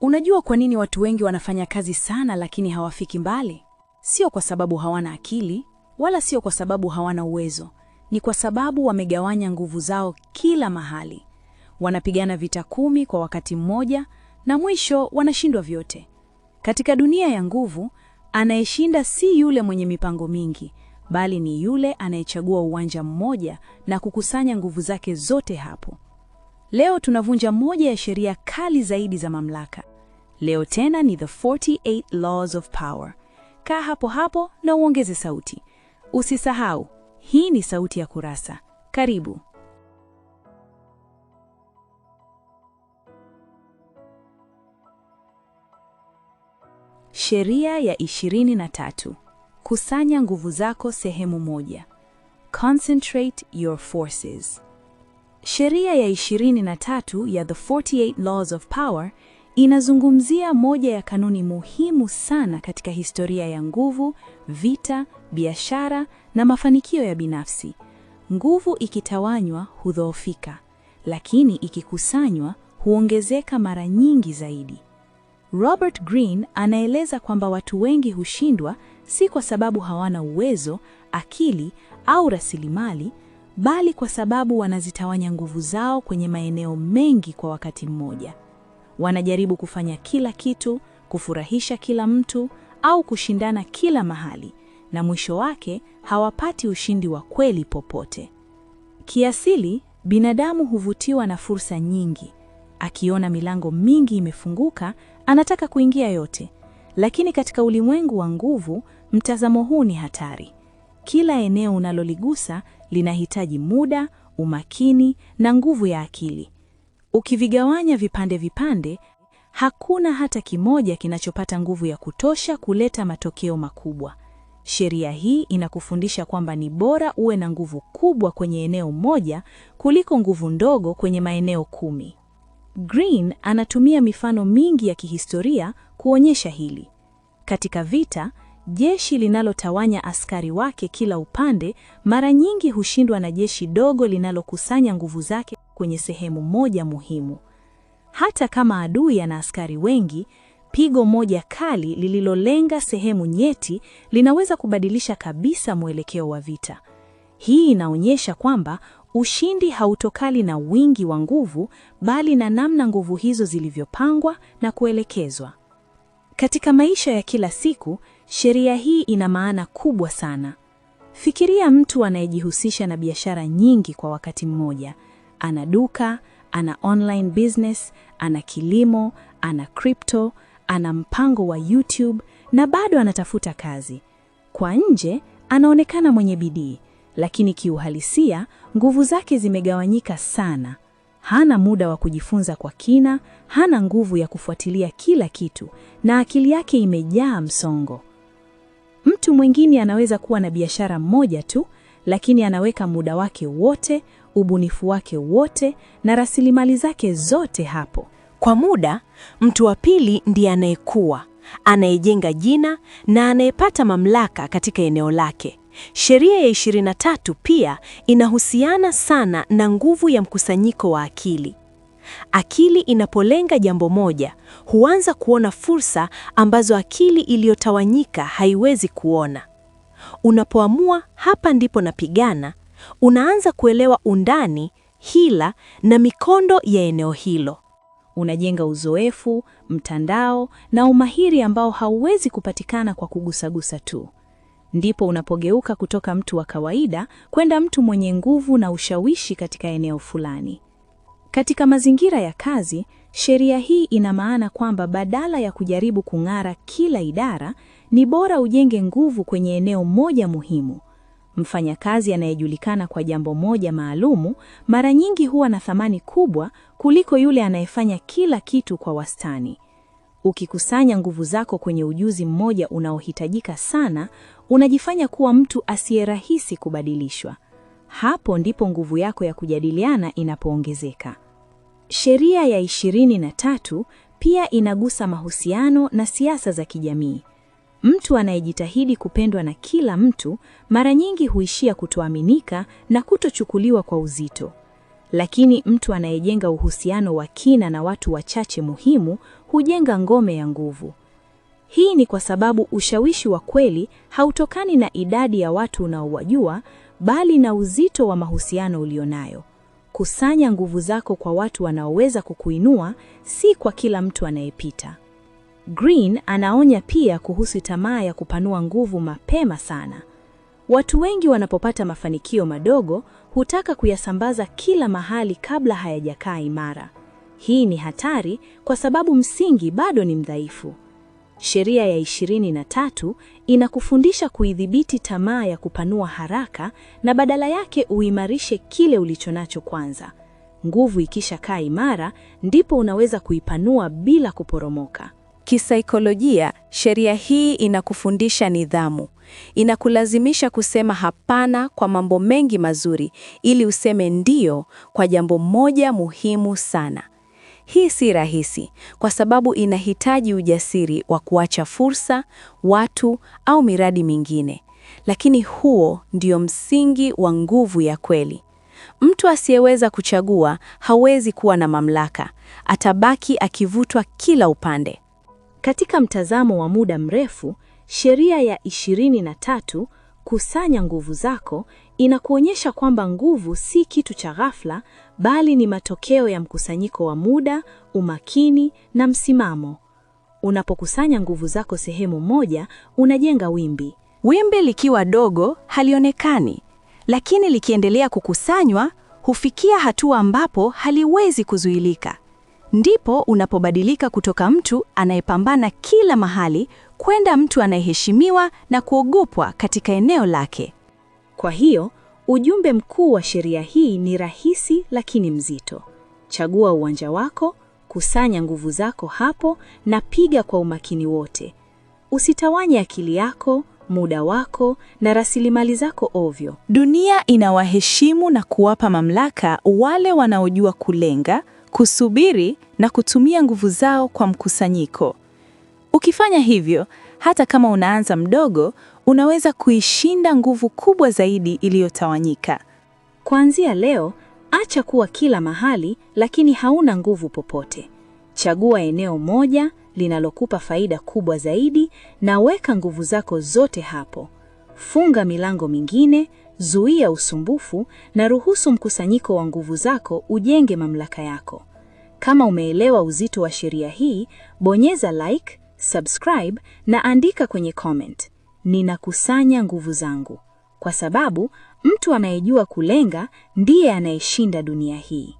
Unajua kwa nini watu wengi wanafanya kazi sana lakini hawafiki mbali? Sio kwa sababu hawana akili, wala sio kwa sababu hawana uwezo. Ni kwa sababu wamegawanya nguvu zao kila mahali. Wanapigana vita kumi kwa wakati mmoja, na mwisho wanashindwa vyote. Katika dunia ya nguvu, anayeshinda si yule mwenye mipango mingi, bali ni yule anayechagua uwanja mmoja na kukusanya nguvu zake zote hapo. Leo tunavunja moja ya sheria kali zaidi za mamlaka. Leo tena ni the 48 laws of power. Kaa hapo hapo na uongeze sauti. Usisahau, hii ni Sauti ya Kurasa. Karibu. Sheria ya 23. Kusanya nguvu zako sehemu moja. Concentrate your forces. Sheria ya 23 ya The 48 Laws of Power inazungumzia moja ya kanuni muhimu sana katika historia ya nguvu, vita, biashara na mafanikio ya binafsi. Nguvu ikitawanywa hudhoofika, lakini ikikusanywa huongezeka mara nyingi zaidi. Robert Greene anaeleza kwamba watu wengi hushindwa si kwa sababu hawana uwezo, akili au rasilimali bali kwa sababu wanazitawanya nguvu zao kwenye maeneo mengi kwa wakati mmoja. Wanajaribu kufanya kila kitu, kufurahisha kila mtu au kushindana kila mahali, na mwisho wake hawapati ushindi wa kweli popote. Kiasili, binadamu huvutiwa na fursa nyingi. Akiona milango mingi imefunguka, anataka kuingia yote. Lakini katika ulimwengu wa nguvu, mtazamo huu ni hatari. Kila eneo unaloligusa linahitaji muda, umakini na nguvu ya akili. Ukivigawanya vipande vipande, hakuna hata kimoja kinachopata nguvu ya kutosha kuleta matokeo makubwa. Sheria hii inakufundisha kwamba ni bora uwe na nguvu kubwa kwenye eneo moja kuliko nguvu ndogo kwenye maeneo kumi. Green anatumia mifano mingi ya kihistoria kuonyesha hili. Katika vita Jeshi linalotawanya askari wake kila upande mara nyingi hushindwa na jeshi dogo linalokusanya nguvu zake kwenye sehemu moja muhimu. Hata kama adui ana askari wengi, pigo moja kali lililolenga sehemu nyeti linaweza kubadilisha kabisa mwelekeo wa vita. Hii inaonyesha kwamba ushindi hautokali na wingi wa nguvu, bali na namna nguvu hizo zilivyopangwa na kuelekezwa. Katika maisha ya kila siku, Sheria hii ina maana kubwa sana. Fikiria mtu anayejihusisha na biashara nyingi kwa wakati mmoja. Ana duka, ana online business, ana kilimo, ana crypto, ana mpango wa YouTube na bado anatafuta kazi. Kwa nje anaonekana mwenye bidii, lakini kiuhalisia nguvu zake zimegawanyika sana. Hana muda wa kujifunza kwa kina, hana nguvu ya kufuatilia kila kitu na akili yake imejaa msongo. Mtu mwingine anaweza kuwa na biashara moja tu, lakini anaweka muda wake wote, ubunifu wake wote na rasilimali zake zote hapo. Kwa muda, mtu wa pili ndiye anayekua, anayejenga jina na anayepata mamlaka katika eneo lake. Sheria ya 23 pia inahusiana sana na nguvu ya mkusanyiko wa akili. Akili inapolenga jambo moja, huanza kuona fursa ambazo akili iliyotawanyika haiwezi kuona. Unapoamua hapa ndipo napigana, unaanza kuelewa undani, hila na mikondo ya eneo hilo. Unajenga uzoefu, mtandao na umahiri ambao hauwezi kupatikana kwa kugusagusa tu. Ndipo unapogeuka kutoka mtu wa kawaida kwenda mtu mwenye nguvu na ushawishi katika eneo fulani. Katika mazingira ya kazi, sheria hii ina maana kwamba badala ya kujaribu kung'ara kila idara, ni bora ujenge nguvu kwenye eneo moja muhimu. Mfanyakazi anayejulikana kwa jambo moja maalumu mara nyingi huwa na thamani kubwa kuliko yule anayefanya kila kitu kwa wastani. Ukikusanya nguvu zako kwenye ujuzi mmoja unaohitajika sana, unajifanya kuwa mtu asiye rahisi kubadilishwa. Hapo ndipo nguvu yako ya kujadiliana inapoongezeka. Sheria ya ishirini na tatu pia inagusa mahusiano na siasa za kijamii. Mtu anayejitahidi kupendwa na kila mtu mara nyingi huishia kutoaminika na kutochukuliwa kwa uzito. Lakini mtu anayejenga uhusiano wa kina na watu wachache muhimu hujenga ngome ya nguvu. Hii ni kwa sababu ushawishi wa kweli hautokani na idadi ya watu unaowajua bali na uzito wa mahusiano ulionayo kusanya nguvu zako kwa watu wanaoweza kukuinua, si kwa kila mtu anayepita. Green anaonya pia kuhusu tamaa ya kupanua nguvu mapema sana. Watu wengi wanapopata mafanikio madogo hutaka kuyasambaza kila mahali kabla hayajakaa imara. Hii ni hatari kwa sababu msingi bado ni mdhaifu. Sheria ya 23 inakufundisha kuidhibiti tamaa ya kupanua haraka na badala yake uimarishe kile ulichonacho kwanza. Nguvu ikisha kaa imara, ndipo unaweza kuipanua bila kuporomoka. Kisaikolojia, sheria hii inakufundisha nidhamu. Inakulazimisha kusema hapana kwa mambo mengi mazuri ili useme ndiyo kwa jambo moja muhimu sana. Hii si rahisi kwa sababu inahitaji ujasiri wa kuacha fursa, watu au miradi mingine. Lakini huo ndio msingi wa nguvu ya kweli. Mtu asiyeweza kuchagua hawezi kuwa na mamlaka, atabaki akivutwa kila upande. Katika mtazamo wa muda mrefu, sheria ya 23 kusanya nguvu zako Inakuonyesha kwamba nguvu si kitu cha ghafla, bali ni matokeo ya mkusanyiko wa muda, umakini na msimamo. Unapokusanya nguvu zako sehemu moja, unajenga wimbi. Wimbi likiwa dogo halionekani, lakini likiendelea kukusanywa hufikia hatua ambapo haliwezi kuzuilika. Ndipo unapobadilika kutoka mtu anayepambana kila mahali kwenda mtu anayeheshimiwa na kuogopwa katika eneo lake. Kwa hiyo ujumbe mkuu wa sheria hii ni rahisi lakini mzito: chagua uwanja wako, kusanya nguvu zako hapo na piga kwa umakini wote. Usitawanye akili yako, muda wako na rasilimali zako ovyo. Dunia inawaheshimu na kuwapa mamlaka wale wanaojua kulenga, kusubiri na kutumia nguvu zao kwa mkusanyiko. Ukifanya hivyo, hata kama unaanza mdogo, unaweza kuishinda nguvu kubwa zaidi iliyotawanyika. Kuanzia leo, acha kuwa kila mahali lakini hauna nguvu popote. Chagua eneo moja linalokupa faida kubwa zaidi na weka nguvu zako zote hapo. Funga milango mingine, zuia usumbufu na ruhusu mkusanyiko wa nguvu zako ujenge mamlaka yako. Kama umeelewa uzito wa sheria hii, bonyeza like, subscribe na andika kwenye comment ninakusanya nguvu zangu, kwa sababu mtu anayejua kulenga ndiye anayeshinda dunia hii.